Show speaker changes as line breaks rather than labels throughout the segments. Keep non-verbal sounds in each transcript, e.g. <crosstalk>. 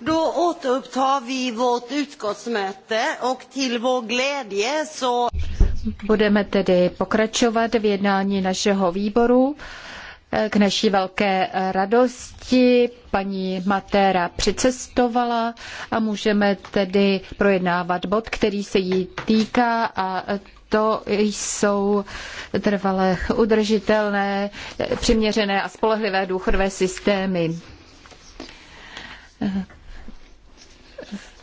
Då återupptar vi vårt utskottsmöte och till vår glädje
så... Budeme tedy pokračovat v jednání našeho výboru. Eh, k naší velké eh, radosti paní Matera přicestovala a můžeme tedy projednávat bod, který se jí týká a to jsou trvalé, udržitelné, eh, přiměřené a spolehlivé důchodové systémy.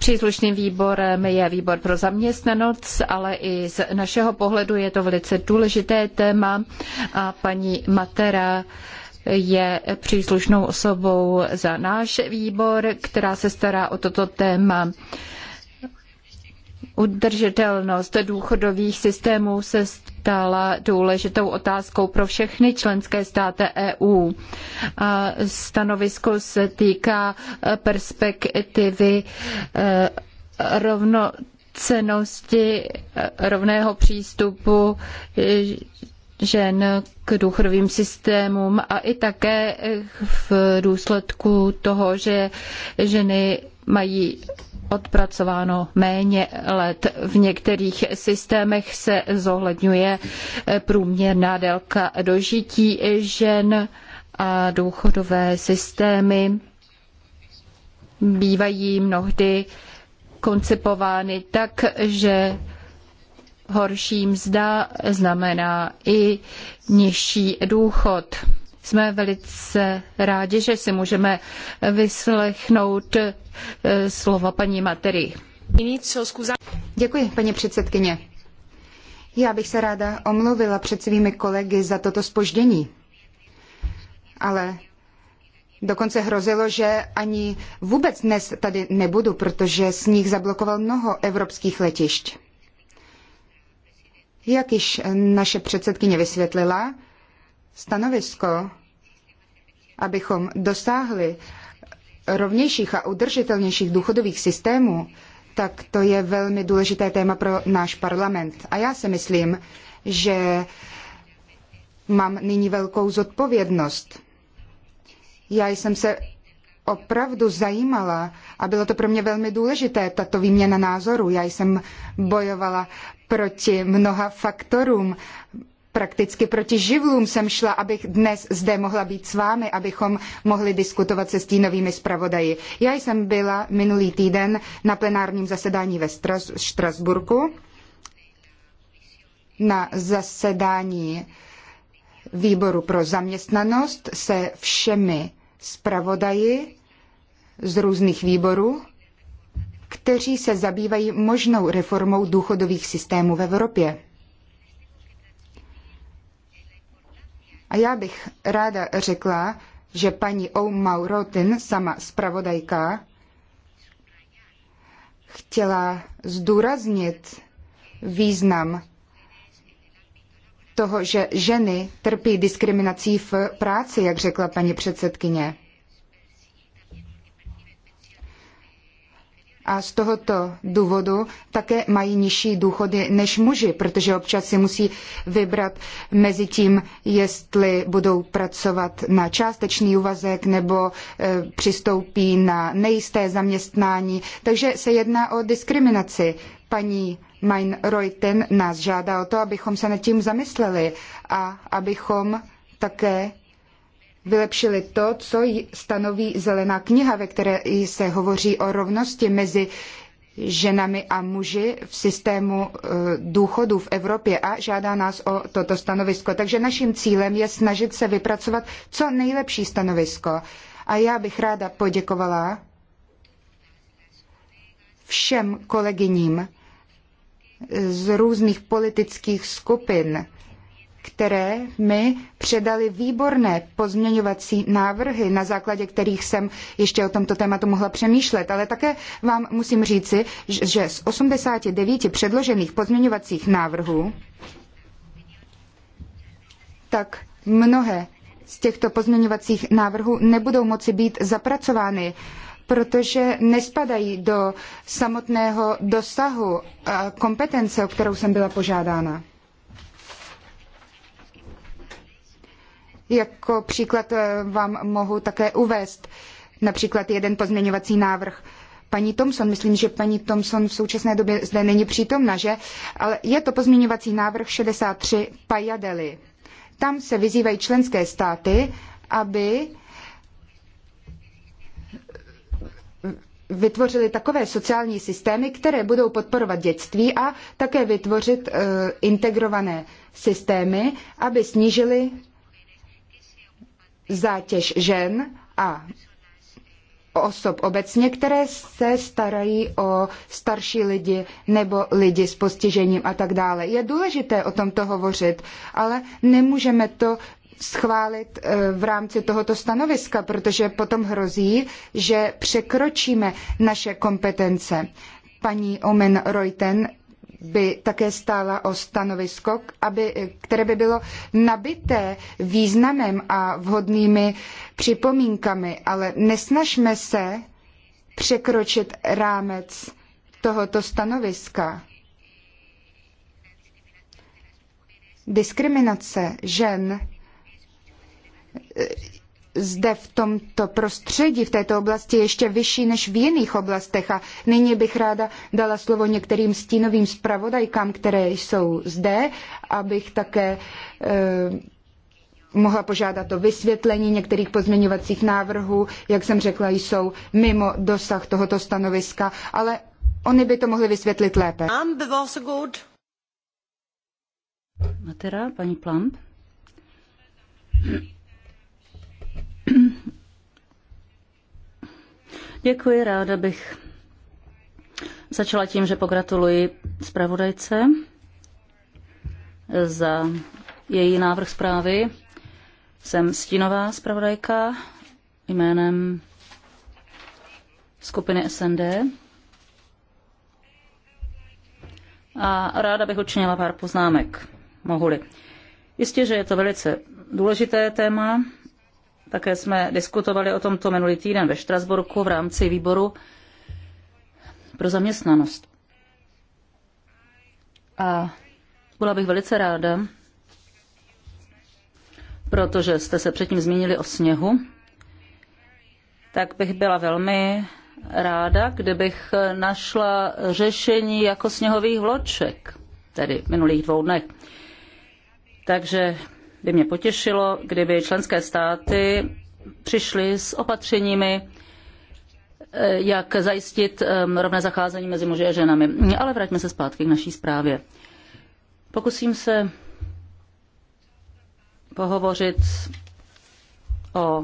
Příslušným výborem je výbor pro zaměstnanost, ale i z našeho pohledu je to velice důležité téma a paní Matera je příslušnou osobou za náš výbor, která se stará o toto téma. Udržitelnost důchodových systémů se stala důležitou otázkou pro všechny členské státy EU. A stanovisko se týká e, perspektivy e, rovnocenosti, e, rovného přístupu žen k důchodovým systémům a i také v důsledku toho, že ženy mají odpracováno méně let. V některých systémech se zohledňuje průměrná délka dožití žen a důchodové systémy bývají mnohdy koncipovány tak, že horší mzda znamená i nižší důchod. Jsme velice rádi, že si můžeme vyslechnout eh, slova paní Materii. Děkuji, paní předsedkyně.
Já bych se ráda omluvila před svými kolegy
za toto spoždění.
Ale dokonce hrozilo, že ani vůbec dnes tady nebudu, protože sníh zablokoval mnoho evropských letišť. Jak již naše předsedkyně vysvětlila, stanovisko, abychom dosáhli rovnějších a udržitelnějších důchodových systémů, tak to je velmi důležité téma pro náš parlament. A já si myslím, že mám nyní velkou zodpovědnost. Já jsem se opravdu zajímala a bylo to pro mě velmi důležité, tato výměna názorů. Já jsem bojovala proti mnoha faktorům, prakticky proti živlům jsem šla, abych dnes zde mohla být s vámi, abychom mohli diskutovat se stínovými zpravodaji. Já jsem byla minulý týden na plenárním zasedání ve Štrasburku, na zasedání výboru pro zaměstnanost se všemi zpravodaji z různých výborů, kteří se zabývají možnou reformou důchodových systémů v Evropě. A já bych ráda řekla, že paní Oumau Rotin, sama zpravodajka, chtěla zdůraznit význam toho, že ženy trpí diskriminací v práci, jak řekla paní předsedkyně. a z tohoto důvodu také mají nižší důchody než muži, protože občas si musí vybrat mezi tím, jestli budou pracovat na částečný úvazek nebo e, přistoupí na nejisté zaměstnání. Takže se jedná o diskriminaci. Paní Mein Reuten nás žádá o to, abychom se nad tím zamysleli a abychom také vylepšili to, co stanoví zelená kniha, ve které se hovoří o rovnosti mezi ženami a muži v systému e, důchodů v Evropě a žádá nás o toto stanovisko. Takže naším cílem je snažit se vypracovat co nejlepší stanovisko. A já bych ráda poděkovala všem kolegyním z různých politických skupin, které mi předali výborné pozměňovací návrhy, na základě kterých jsem ještě o tomto tématu mohla přemýšlet. Ale také vám musím říci, že z 89 předložených pozměňovacích návrhů, tak mnohé z těchto pozměňovacích návrhů nebudou moci být zapracovány protože nespadají do samotného dosahu kompetence, o kterou jsem byla požádána. Jako příklad eh, vám mohu také uvést například jeden pozměňovací návrh. Paní Thompson, myslím, že paní Thompson v současné době zde není přítomna, že? Ale je to pozměňovací návrh 63 Pajadely. Tam se vyzývají členské státy, aby vytvořili takové sociální systémy, které budou podporovat dětství a také vytvořit eh, integrované systémy, aby snížili zátěž žen a osob obecně, které se starají o starší lidi nebo lidi s postižením a tak dále. Je důležité o tomto hovořit, ale nemůžeme to schválit eh, v rámci tohoto stanoviska, protože potom hrozí, že překročíme naše kompetence. Paní Omen Reuten by také stála o stanovisko, aby, které by bylo nabité významem a vhodnými připomínkami, ale nesnažme se překročit rámec tohoto stanoviska. Diskriminace žen zde v tomto prostředí, v této oblasti ještě vyšší než v jiných oblastech. A nyní bych ráda dala slovo některým stínovým zpravodajkám, které jsou zde, abych také eh, mohla požádat o vysvětlení některých pozměňovacích návrhů, jak jsem řekla, jsou mimo dosah tohoto stanoviska, ale oni by to mohli vysvětlit lépe.
Matera, paní Plump. Děkuji, ráda bych začala tím, že pogratuluji zpravodajce za její návrh zprávy. Jsem stínová zpravodajka jménem skupiny SND. A ráda bych učinila pár poznámek, mohu-li. Jistě, že je to velice důležité téma, také jsme diskutovali o tomto minulý týden ve Štrasburku v rámci výboru pro zaměstnanost. A byla bych velice ráda, protože jste se předtím zmínili o sněhu, tak bych byla velmi ráda, kdybych našla řešení jako sněhových vloček, tedy minulých dvou dnech. Takže by mě potěšilo, kdyby členské státy přišly s opatřeními, eh, jak zajistit ehm, rovné zacházení mezi muži a ženami. Ale vraťme se zpátky k naší zprávě. Pokusím se pohovořit o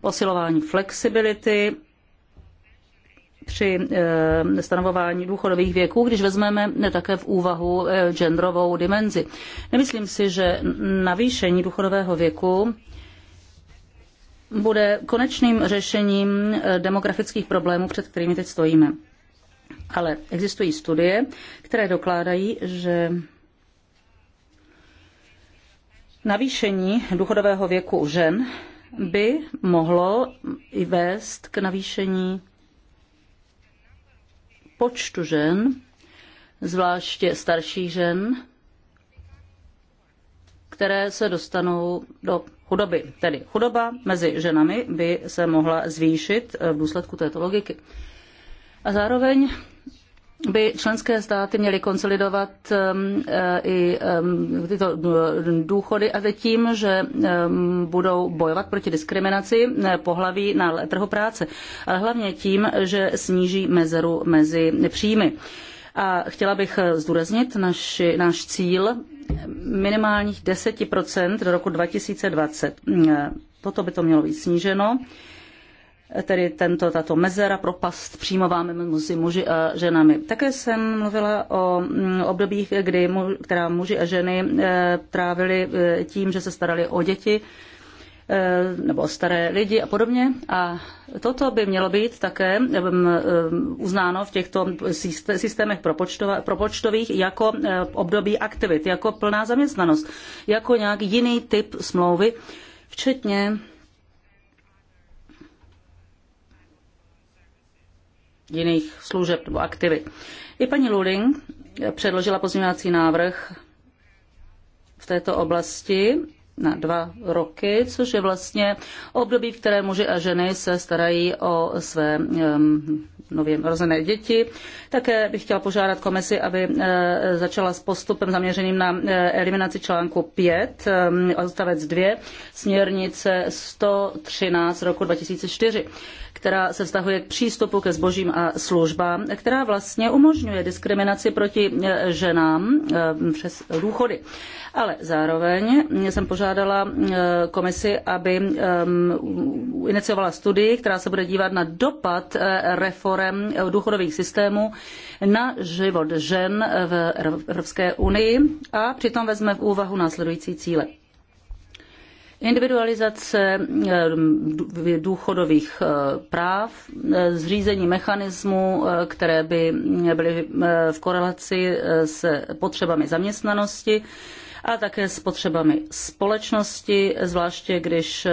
posilování flexibility při eh, stanovování důchodových věků, když vezmeme také v úvahu eh, genderovou dimenzi. Nemyslím si, že navýšení důchodového věku bude konečným řešením eh, demografických problémů, před kterými teď stojíme. Ale existují studie, které dokládají, že navýšení důchodového věku žen by mohlo i vést k navýšení počtu žen, zvláště starších žen, které se dostanou do chudoby. Tedy chudoba mezi ženami by se mohla zvýšit v důsledku této logiky. A zároveň by členské státy měly konsolidovat um, eh, i um, tyto eh, důchody a tím, že um, budou bojovat proti diskriminaci eh, pohlaví na trhu práce, ale hlavně tím, že sníží mezeru mezi příjmy. A chtěla bych zdůraznit naši, náš cíl minimálních 10% do roku 2020. Toto by to mělo být sníženo tedy tento, tato mezera, propast příjmová mezi muži a ženami. Také jsem mluvila o mm, obdobích, kdy mu, která muži a ženy eh, trávili eh, tím, že se starali o děti eh, nebo o staré lidi a podobně. A toto by mělo být také mm, uznáno v těchto systémech propočtových jako období aktivit, jako plná zaměstnanost, jako nějaký jiný typ smlouvy, včetně jiných služeb nebo aktivit. I paní Luling předložila pozměňovací návrh v této oblasti na dva roky, což je vlastně období, v které muži a ženy se starají o své um, nově narozené děti. Také bych chtěla požádat komisi, aby eh, začala s postupem zaměřeným na eh, eliminaci článku 5, odstavec 2, směrnice 113 roku 2004 která se vztahuje k přístupu ke zbožím a službám, která vlastně umožňuje diskriminaci proti eh, ženám eh, přes důchody. Ale zároveň jsem požádala eh, komisi, aby ehm, iniciovala studii, která se bude dívat na dopad reform důchodových systémů na život žen v Evropské unii a přitom vezme v úvahu následující cíle. Individualizace eh, důchodových eh, práv, eh, zřízení mechanismů, které by byly v korelaci s potřebami zaměstnanosti, a také s potřebami společnosti, zvláště když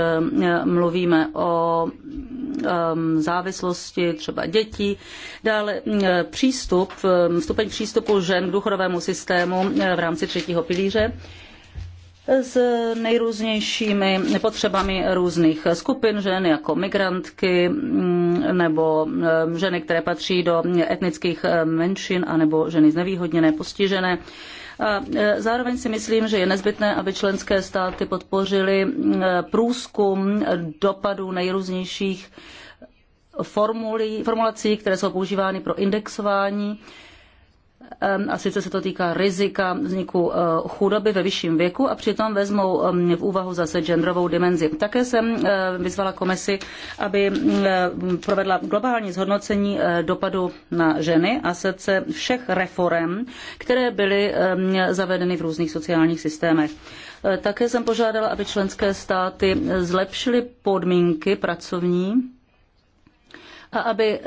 mluvíme o ehm, závislosti třeba dětí. Dále přístup, ehm, stupeň přístupu žen k důchodovému systému v rámci třetího pilíře s nejrůznějšími potřebami různých skupin, žen jako migrantky mm, nebo eh, ženy, které patří do etnických eh, menšin anebo ženy znevýhodněné, postižené. A eh, zároveň si myslím, že je nezbytné, aby členské státy podpořily průzkum dopadů nejrůznějších formulí, formulací, které jsou používány pro indexování a sice se to týká rizika vzniku eh, chudoby ve vyšším věku a přitom vezmou v úvahu zase genderovou dimenzi. Také jsem eh, vyzvala komisi, aby eh, provedla globální zhodnocení dopadu na ženy a sice všech reform, které byly zavedeny v různých sociálních systémech. Také jsem požádala, aby členské státy zlepšily podmínky pracovní a aby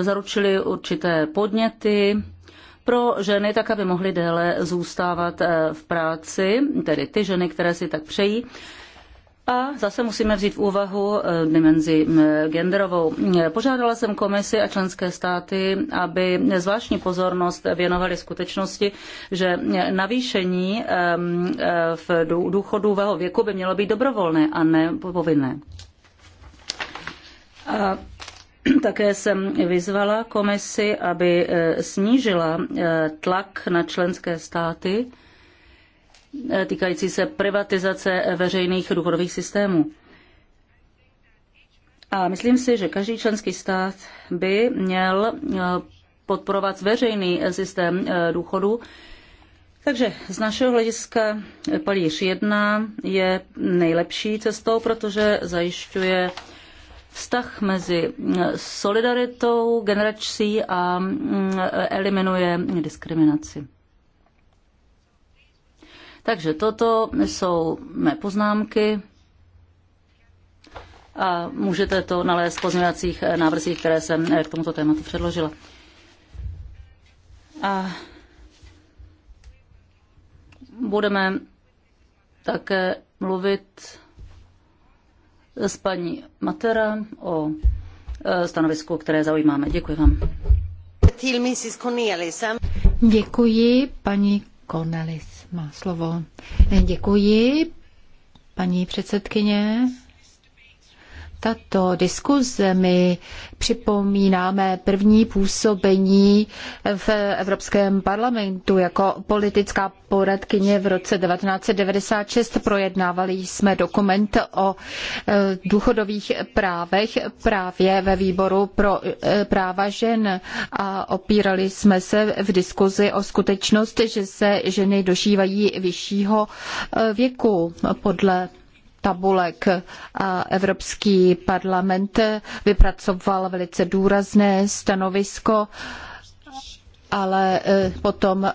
zaručili určité podněty pro ženy, tak aby mohly déle zůstávat eh, v práci, tedy ty ženy, které si tak přejí. A zase musíme vzít v úvahu eh, dimenzi genderovou. Eh, požádala jsem komisi a členské státy, aby zvláštní pozornost věnovali skutečnosti, že navýšení ehm, v důchodového věku by mělo být dobrovolné a ne povinné. A <clears throat> Také jsem vyzvala komisi, aby eh, snížila eh, tlak na členské státy eh, týkající se privatizace veřejných důchodových systémů. A myslím si, že každý členský stát by měl podporovat veřejný systém důchodu. Takže z našeho hlediska palíř 1 je nejlepší cestou, protože zajišťuje vztah mezi mm, solidaritou, generací a mm, eliminuje diskriminaci. Takže toto jsou mé poznámky a můžete to nalézt v pozměňovacích eh, návrzích, které jsem eh, k tomuto tématu předložila. A budeme také mluvit s paní Matera o e, stanovisku, které zaujímáme. Děkuji vám.
Děkuji, paní Cornelis má slovo. Děkuji, paní předsedkyně tato diskuze mi připomínáme první působení v Evropském parlamentu jako politická poradkyně v roce 1996. Projednávali jsme dokument o e, důchodových právech právě ve výboru pro e, práva žen a opírali jsme se v diskuzi o skutečnost, že se ženy dožívají vyššího e, věku podle tabulek a Evropský parlament vypracoval velice důrazné stanovisko, ale eh, potom eh,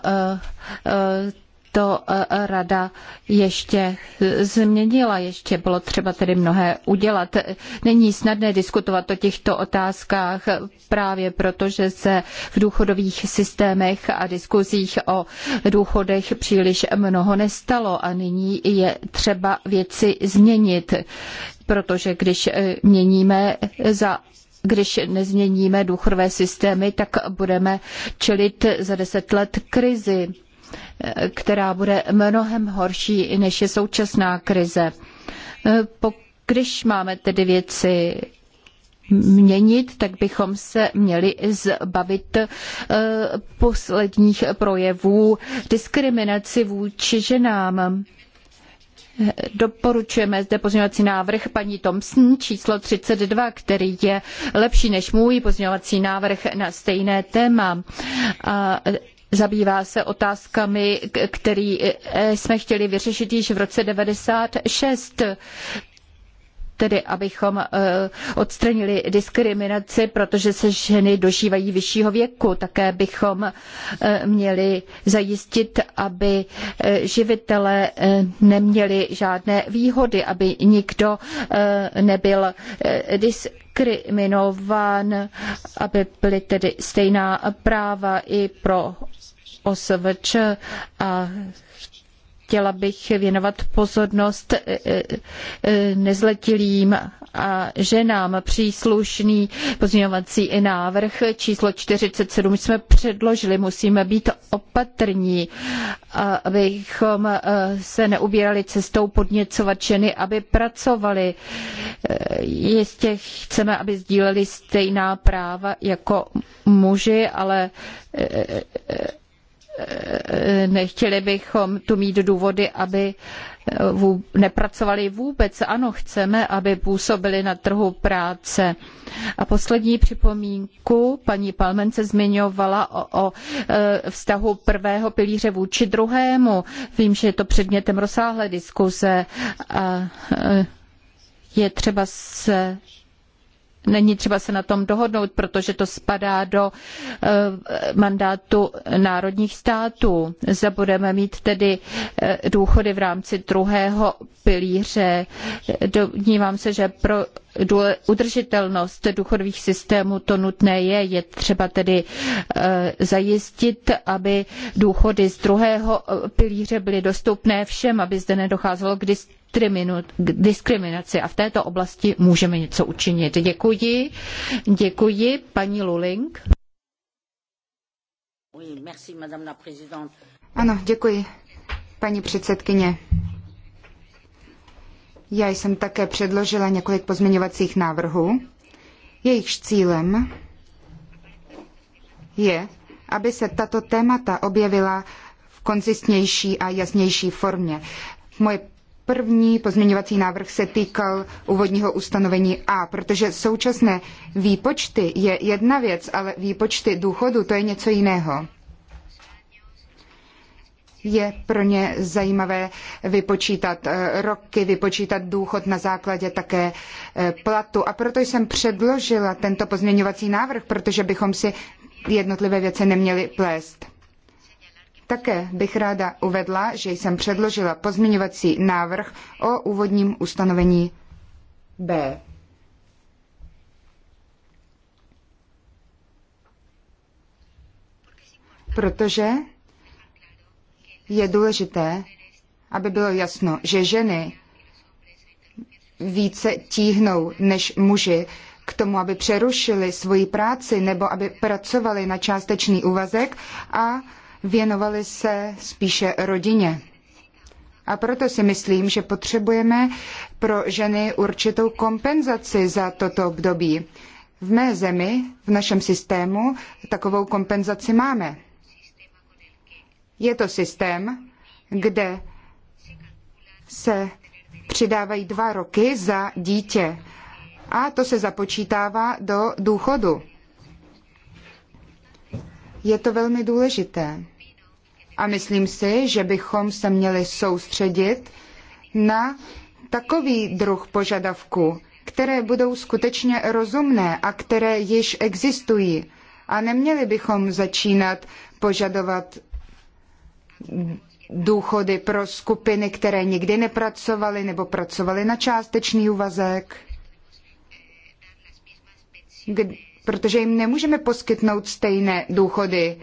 eh, to eh, rada ještě eh, změnila, ještě bylo třeba tedy mnohé udělat. Není snadné diskutovat o těchto otázkách právě proto, že se v důchodových systémech a diskuzích o důchodech příliš mnoho nestalo a nyní je třeba věci změnit, protože když eh, měníme za když nezměníme důchodové systémy, tak budeme čelit za deset let krizi která bude mnohem horší, než je současná krize. Když máme tedy věci měnit, tak bychom se měli zbavit eh, posledních projevů diskriminaci vůči ženám. Doporučujeme zde pozměňovací návrh paní Thompson číslo 32, který je lepší než můj pozměňovací návrh na stejné téma. A Zabývá se otázkami, které eh, jsme chtěli vyřešit již v roce 96 tedy abychom eh, odstranili diskriminaci, protože se ženy dožívají vyššího věku. Také bychom eh, měli zajistit, aby živitelé neměli žádné výhody, aby nikdo nebyl diskriminován, aby byly tedy stejná práva i pro OSVČ a chtěla bych věnovat pozornost e, e, e, nezletilým a ženám. Příslušný pozměňovací návrh číslo 47 jsme předložili. Musíme být opatrní, abychom se neubírali cestou podněcovat ženy, aby pracovali. Jistě chceme, aby sdíleli stejná práva jako muži, ale Eh, eh, nechtěli bychom tu mít důvody, aby eh, nepracovali vůbec. Ano, chceme, aby působili na trhu práce. A poslední připomínku, paní Palmence zmiňovala o, o vztahu prvého pilíře vůči druhému. Vím, že je to předmětem rozsáhlé diskuze. A, je třeba se není třeba se na tom dohodnout, protože to spadá do eh, mandátu národních států. Zda budeme mít tedy eh, důchody v rámci druhého pilíře. Domnívám se, že pro udržitelnost důchodových systémů to nutné je. Je třeba tedy eh, zajistit, aby důchody z druhého pilíře byly dostupné všem, aby zde nedocházelo k diskriminaci a v této oblasti můžeme něco učinit. Děkuji. Děkuji, paní Luling. Ano, děkuji,
paní předsedkyně. Já jsem také předložila několik pozměňovacích návrhů. Jejichž cílem je, aby se tato témata objevila v konzistnější a jasnější formě. Moje První pozměňovací návrh se týkal úvodního ustanovení A, protože současné výpočty je jedna věc, ale výpočty důchodu to je něco jiného. Je pro ně zajímavé vypočítat eh, roky, vypočítat důchod na základě také eh, platu. A proto jsem předložila tento pozměňovací návrh, protože bychom si jednotlivé věci neměli plést. Také bych ráda uvedla, že jsem předložila pozměňovací návrh o úvodním ustanovení B. Protože je důležité, aby bylo jasno, že ženy více tíhnou než muži k tomu, aby přerušili svoji práci nebo aby pracovali na částečný úvazek a věnovali se spíše rodině. A proto si myslím, že potřebujeme pro ženy určitou kompenzaci za toto období. V mé zemi, v našem systému, takovou kompenzaci máme. Je to systém, kde se přidávají dva roky za dítě a to se započítává do důchodu. Je to velmi důležité. A myslím si, že bychom se měli soustředit na takový druh požadavků, které budou skutečně rozumné a které již existují. A neměli bychom začínat požadovat důchody pro skupiny, které nikdy nepracovaly nebo pracovaly na částečný úvazek, protože jim nemůžeme poskytnout stejné důchody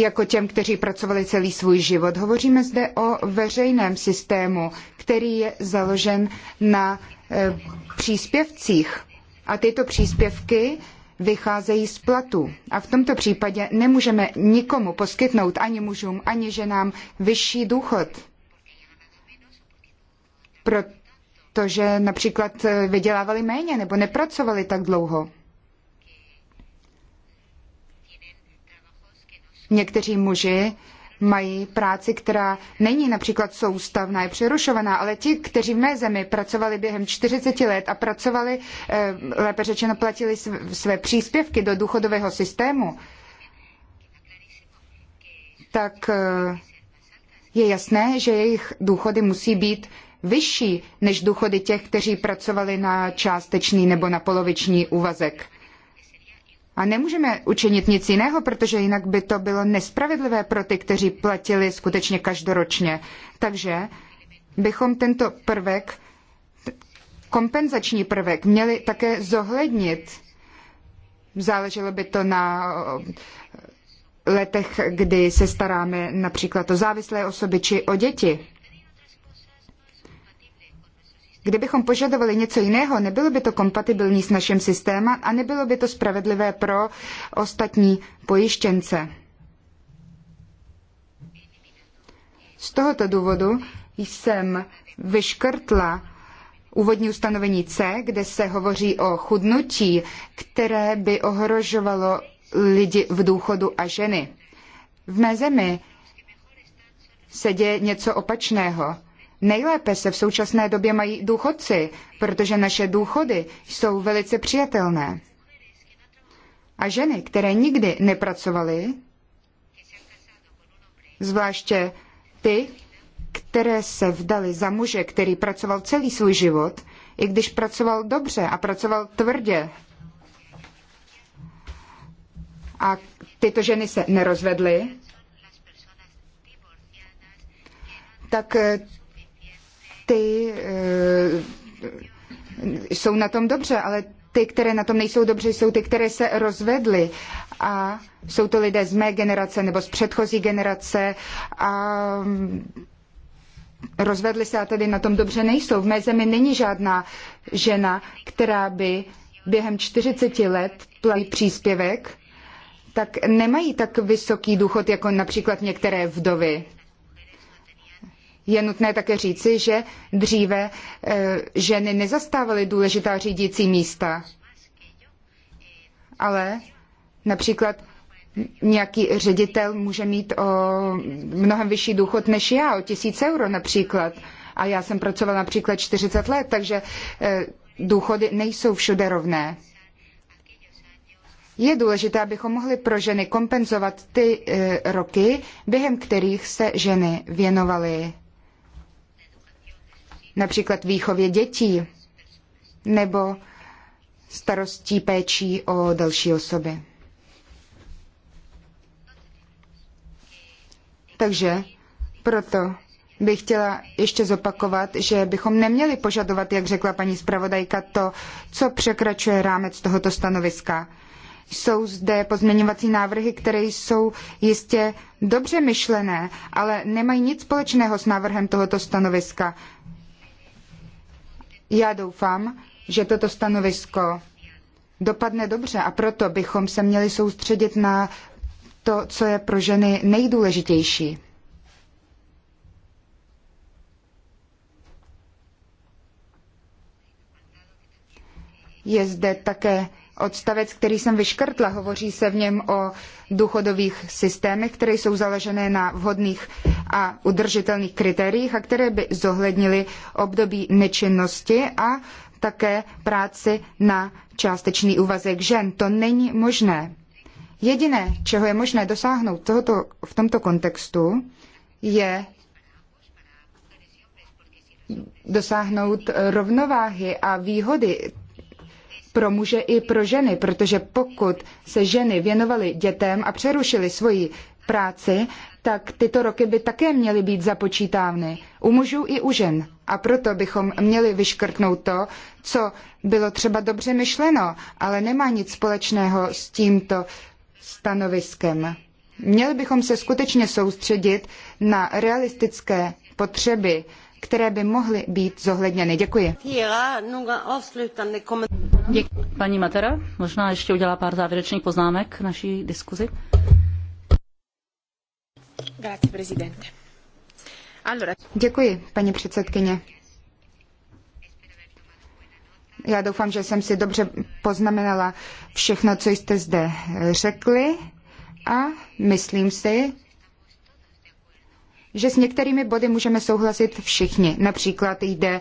jako těm, kteří pracovali celý svůj život. Hovoříme zde o veřejném systému, který je založen na e, příspěvcích. A tyto příspěvky vycházejí z platu. A v tomto případě nemůžeme nikomu poskytnout ani mužům, ani ženám vyšší důchod. Protože například e, vydělávali méně nebo nepracovali tak dlouho. Někteří muži mají práci, která není například soustavná, je přerušovaná, ale ti, kteří v mé zemi pracovali během 40 let a pracovali, eh, lépe řečeno platili své příspěvky do důchodového systému, tak eh, je jasné, že jejich důchody musí být vyšší než důchody těch, kteří pracovali na částečný nebo na poloviční úvazek. A nemůžeme učinit nic jiného, protože jinak by to bylo nespravedlivé pro ty, kteří platili skutečně každoročně. Takže bychom tento prvek, kompenzační prvek, měli také zohlednit. Záleželo by to na eh, letech, kdy se staráme například o závislé osoby či o děti. Kdybychom požadovali něco jiného, nebylo by to kompatibilní s naším systémem a nebylo by to spravedlivé pro ostatní pojištěnce. Z tohoto důvodu jsem vyškrtla úvodní ustanovení C, kde se hovoří o chudnutí, které by ohrožovalo lidi v důchodu a ženy. V mé zemi se děje něco opačného. Nejlépe se v současné době mají důchodci, protože naše důchody jsou velice přijatelné. A ženy, které nikdy nepracovaly, zvláště ty, které se vdaly za muže, který pracoval celý svůj život, i když pracoval dobře a pracoval tvrdě. A tyto ženy se nerozvedly, tak eh, ty eh, jsou na tom dobře, ale ty, které na tom nejsou dobře, jsou ty, které se rozvedly. A jsou to lidé z mé generace nebo z předchozí generace a mm, rozvedli se a tedy na tom dobře nejsou. V mé zemi není žádná žena, která by během 40 let platí příspěvek, tak nemají tak vysoký důchod jako například některé vdovy. Je nutné také říci, že dříve eh, ženy nezastávaly důležitá řídící místa, ale například nějaký ředitel může mít o mnohem vyšší důchod než já, o tisíc euro například. A já jsem pracovala například 40 let, takže eh, důchody nejsou všude rovné. Je důležité, abychom mohli pro ženy kompenzovat ty eh, roky, během kterých se ženy věnovaly například výchově dětí nebo starostí péčí o další osoby. Takže proto bych chtěla ještě zopakovat, že bychom neměli požadovat, jak řekla paní zpravodajka, to, co překračuje rámec tohoto stanoviska. Jsou zde pozměňovací návrhy, které jsou jistě dobře myšlené, ale nemají nic společného s návrhem tohoto stanoviska. Já doufám, že toto stanovisko dopadne dobře a proto bychom se měli soustředit na to, co je pro ženy nejdůležitější. Je zde také odstavec, který jsem vyškrtla, hovoří se v něm o důchodových systémech, které jsou založené na vhodných a udržitelných kritériích a které by zohlednily období nečinnosti a také práci na částečný úvazek žen. To není možné. Jediné, čeho je možné dosáhnout tohoto, v tomto kontextu, je dosáhnout rovnováhy a výhody pro muže i pro ženy, protože pokud se ženy věnovaly dětem a přerušily svoji práci, tak tyto roky by také měly být započítány u mužů i u žen. A proto bychom měli vyškrtnout to, co bylo třeba dobře myšleno, ale nemá nic společného s tímto stanoviskem. Měli bychom se skutečně soustředit na realistické potřeby které by mohly být
zohledněny. Děkuji. Děkuji. Paní Matera, možná ještě udělá pár závěrečných poznámek k naší diskuzi. Děkuji, paní předsedkyně.
Já doufám, že jsem si dobře poznamenala všechno, co jste zde řekli a myslím si, že s některými body můžeme souhlasit všichni. Například jde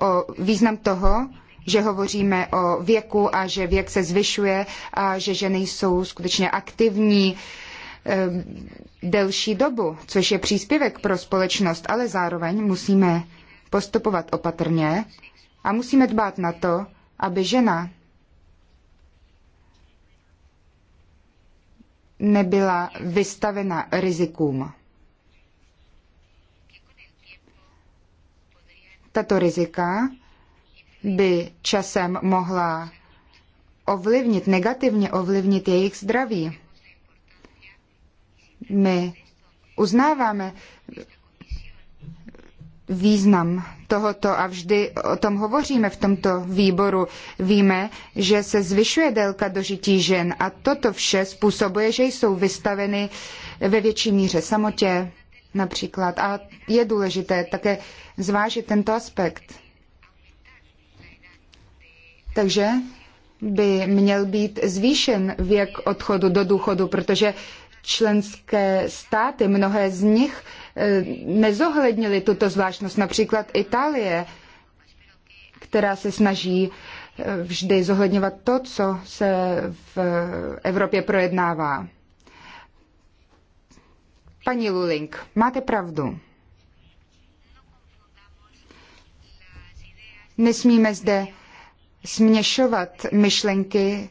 o význam toho, že hovoříme o věku a že věk se zvyšuje a že ženy jsou skutečně aktivní eh, delší dobu, což je příspěvek pro společnost, ale zároveň musíme postupovat opatrně a musíme dbát na to, aby žena nebyla vystavena rizikům. Tato rizika by časem mohla ovlivnit, negativně ovlivnit jejich zdraví. My uznáváme význam tohoto a vždy o tom hovoříme v tomto výboru. Víme, že se zvyšuje délka dožití žen a toto vše způsobuje, že jsou vystaveny ve větší míře samotě, například. A je důležité také zvážit tento aspekt. Takže by měl být zvýšen věk odchodu do důchodu, protože členské státy, mnohé z nich eh, nezohlednili tuto zvláštnost, například Itálie, která se snaží eh, vždy zohledňovat to, co se v Evropě projednává. Paní Luling, máte pravdu. Nesmíme zde směšovat myšlenky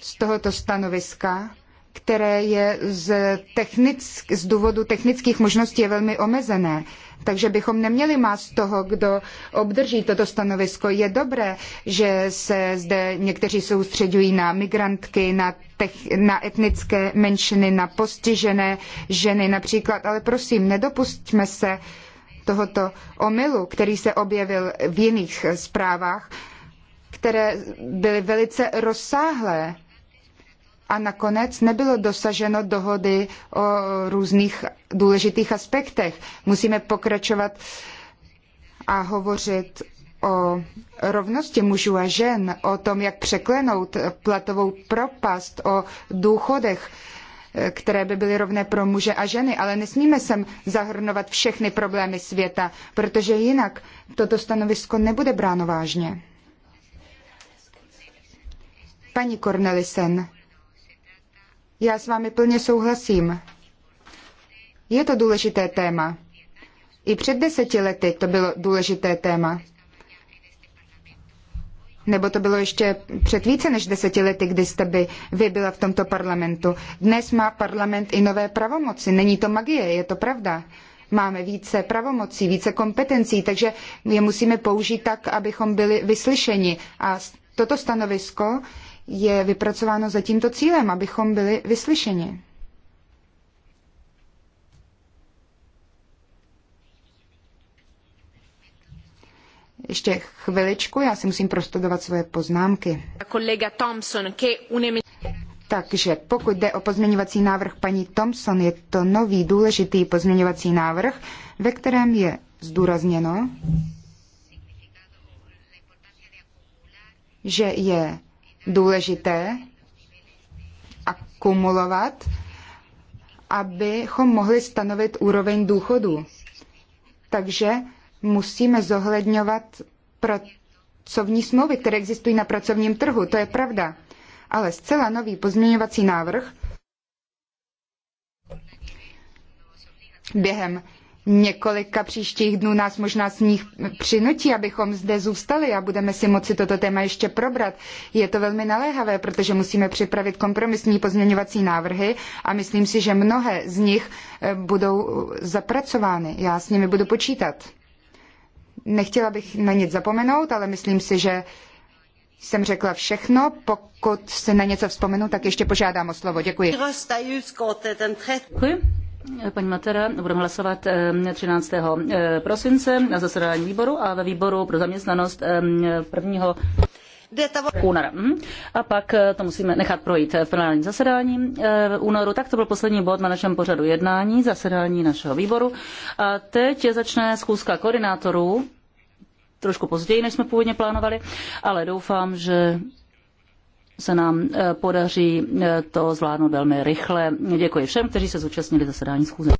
z tohoto stanoviska které je z, technick, z důvodu technických možností je velmi omezené. Takže bychom neměli mást toho, kdo obdrží toto stanovisko. Je dobré, že se zde někteří soustředují na migrantky, na, tech, na etnické menšiny, na postižené ženy například, ale prosím, nedopustíme se tohoto omylu, který se objevil v jiných zprávách, které byly velice rozsáhlé a nakonec nebylo dosaženo dohody o různých důležitých aspektech. Musíme pokračovat a hovořit o rovnosti mužů a žen, o tom, jak překlenout platovou propast, o důchodech, které by byly rovné pro muže a ženy, ale nesmíme sem zahrnovat všechny problémy světa, protože jinak toto stanovisko nebude bráno vážně. Paní Cornelisen, já s vámi plně souhlasím. Je to důležité téma. I před deseti lety to bylo důležité téma. Nebo to bylo ještě před více než deseti lety, kdy jste by vy byla v tomto parlamentu. Dnes má parlament i nové pravomoci. Není to magie, je to pravda. Máme více pravomocí, více kompetencí, takže je musíme použít tak, abychom byli vyslyšeni. A toto stanovisko je vypracováno za tímto cílem, abychom byli vyslyšeni. Ještě chviličku, já si musím prostudovat svoje poznámky.
Kolega Thompson,
Takže pokud jde o pozměňovací návrh paní Thompson, je to nový důležitý pozměňovací návrh, ve kterém je zdůrazněno, že je důležité akumulovat, abychom mohli stanovit úroveň důchodu. Takže musíme zohledňovat pracovní smlouvy, které existují na pracovním trhu, to je pravda. Ale zcela nový pozměňovací návrh během několika příštích dnů nás možná z nich přinutí, abychom zde zůstali a budeme si moci toto téma ještě probrat. Je to velmi naléhavé, protože musíme připravit kompromisní pozměňovací návrhy a myslím si, že mnohé z nich eh, budou zapracovány. Já s nimi budu počítat. Nechtěla bych na nic zapomenout, ale myslím si, že jsem řekla všechno.
Pokud se na něco vzpomenu, tak ještě požádám o slovo. Děkuji. Děkuji. Eh, paní Matera, budeme hlasovat 13. Eh, eh, prosince na zasedání výboru a ve výboru pro zaměstnanost 1. února. Mhm. A pak to musíme nechat projít v plenárním zasedání v únoru. Tak to byl poslední bod na našem pořadu jednání, zasedání našeho výboru. A teď začne schůzka koordinátorů, trošku později, než jsme původně plánovali, ale doufám, že se nám eh, podaří eh, to zvládnout velmi rychle. Děkuji všem, kteří se zúčastnili zasedání schůze.